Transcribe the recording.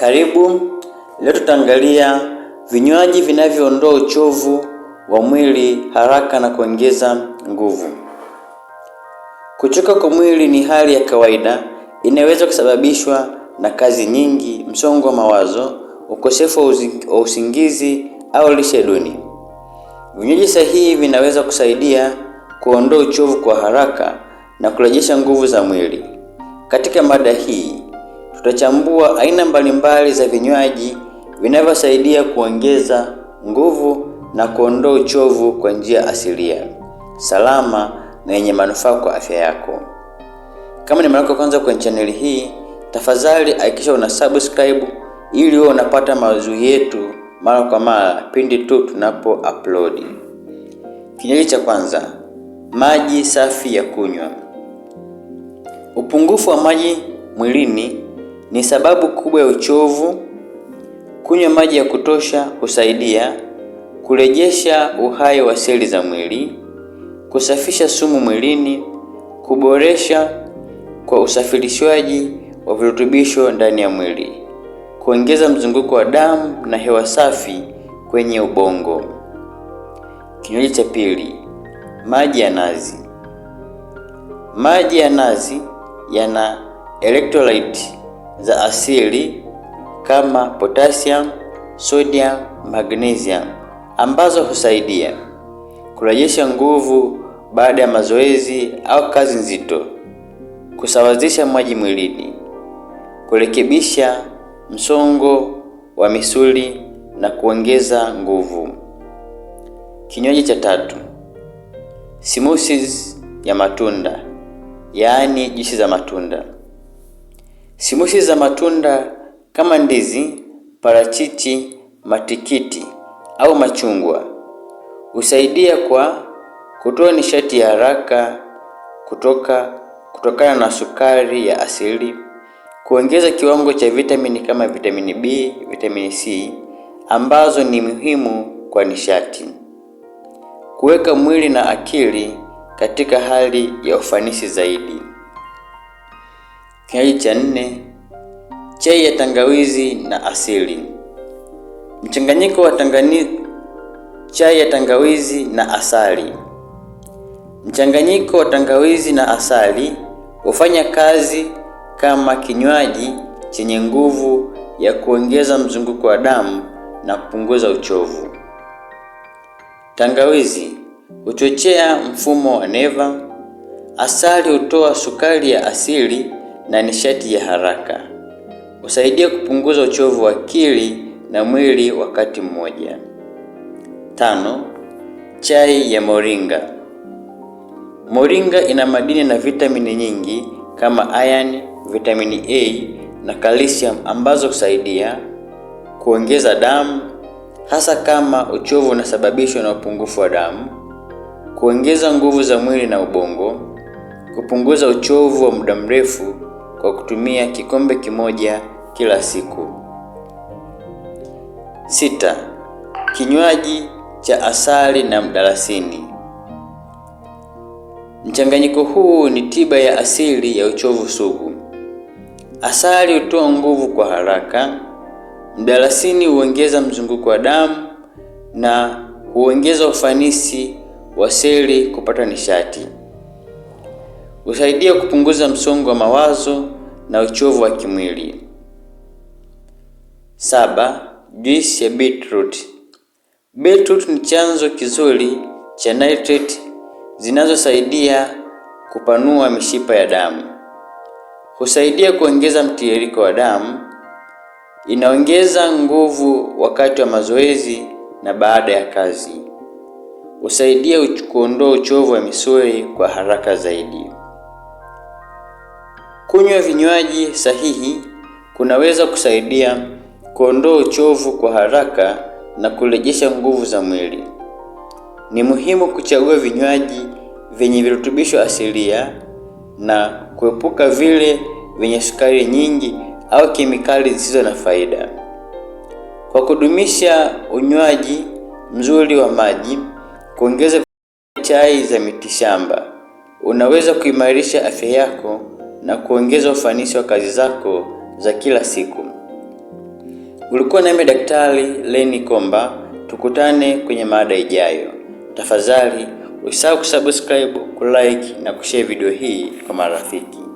Karibu. Leo tutaangalia vinywaji vinavyoondoa uchovu wa mwili haraka na kuongeza nguvu. Kuchoka kwa mwili ni hali ya kawaida inaweza kusababishwa na kazi nyingi, msongo wa mawazo, ukosefu wa usingizi au lishe duni. Vinywaji sahihi vinaweza kusaidia kuondoa uchovu kwa haraka na kurejesha nguvu za mwili. Katika mada hii tutachambua aina mbalimbali za vinywaji vinavyosaidia kuongeza nguvu na kuondoa uchovu kwa njia asilia, salama na yenye manufaa kwa afya yako. Kama ni mara yako kwanza kwenye chaneli hii, tafadhali hakikisha una subscribe ili uwe unapata mazuri yetu mara kwa mara pindi tu tunapo upload. Kinywaji cha kwanza, maji safi ya kunywa. Upungufu wa maji mwilini ni sababu kubwa ya uchovu. Kunywa maji ya kutosha husaidia kurejesha uhai wa seli za mwili, kusafisha sumu mwilini, kuboresha kwa usafirishwaji wa virutubisho ndani ya mwili, kuongeza mzunguko wa damu na hewa safi kwenye ubongo. Kinywaji cha pili, maji ya nazi. Maji ya nazi yana electrolyte za asili kama potassium, sodium, magnesium ambazo husaidia kurejesha nguvu baada ya mazoezi au kazi nzito, kusawazisha maji mwilini, kurekebisha msongo wa misuli na kuongeza nguvu. Kinywaji cha tatu, smoothies ya matunda, yaani juisi za matunda. Simoshi za matunda kama ndizi, parachichi, matikiti au machungwa husaidia kwa kutoa nishati ya haraka kutoka kutokana na sukari ya asili, kuongeza kiwango cha vitamini kama vitamini B, vitamini C ambazo ni muhimu kwa nishati, kuweka mwili na akili katika hali ya ufanisi zaidi. Kinywaji cha nne, chai ya tangawizi na asili. Mchanganyiko wa tangani, chai ya tangawizi na asali. Mchanganyiko wa tangawizi na asali hufanya kazi kama kinywaji chenye nguvu ya kuongeza mzunguko wa damu na kupunguza uchovu. Tangawizi huchochea mfumo wa neva. Asali hutoa sukari ya asili na nishati ya haraka. Husaidia kupunguza uchovu wa akili na mwili wakati mmoja. Tano, chai ya moringa. Moringa ina madini na vitamini nyingi kama iron, vitamini A na calcium ambazo husaidia kuongeza damu hasa kama uchovu unasababishwa na upungufu wa damu, kuongeza nguvu za mwili na ubongo, kupunguza uchovu wa muda mrefu kwa kutumia kikombe kimoja kila siku. Sita, kinywaji cha asali na mdalasini. Mchanganyiko huu ni tiba ya asili ya uchovu sugu. Asali hutoa nguvu kwa haraka, mdalasini huongeza mzunguko wa damu na huongeza ufanisi wa seli kupata nishati husaidia kupunguza msongo wa mawazo na uchovu wa kimwili. Saba, juisi ya beetroot. Beetroot ni chanzo kizuri cha nitrate zinazosaidia kupanua mishipa ya damu, husaidia kuongeza mtiririko wa damu, inaongeza nguvu wakati wa mazoezi na baada ya kazi, husaidia kuondoa uchovu wa misuli kwa haraka zaidi. Kunywa vinywaji sahihi kunaweza kusaidia kuondoa uchovu kwa haraka na kurejesha nguvu za mwili. Ni muhimu kuchagua vinywaji vyenye virutubisho asilia na kuepuka vile vyenye sukari nyingi au kemikali zisizo na faida. Kwa kudumisha unywaji mzuri wa maji, kuongeza chai za mitishamba, unaweza kuimarisha afya yako na kuongeza ufanisi wa kazi zako za kila siku. Ulikuwa nami Daktari Leni Komba, tukutane kwenye mada ijayo. Tafadhali usisahau kusubscribe, kulike na kushare video hii kwa marafiki.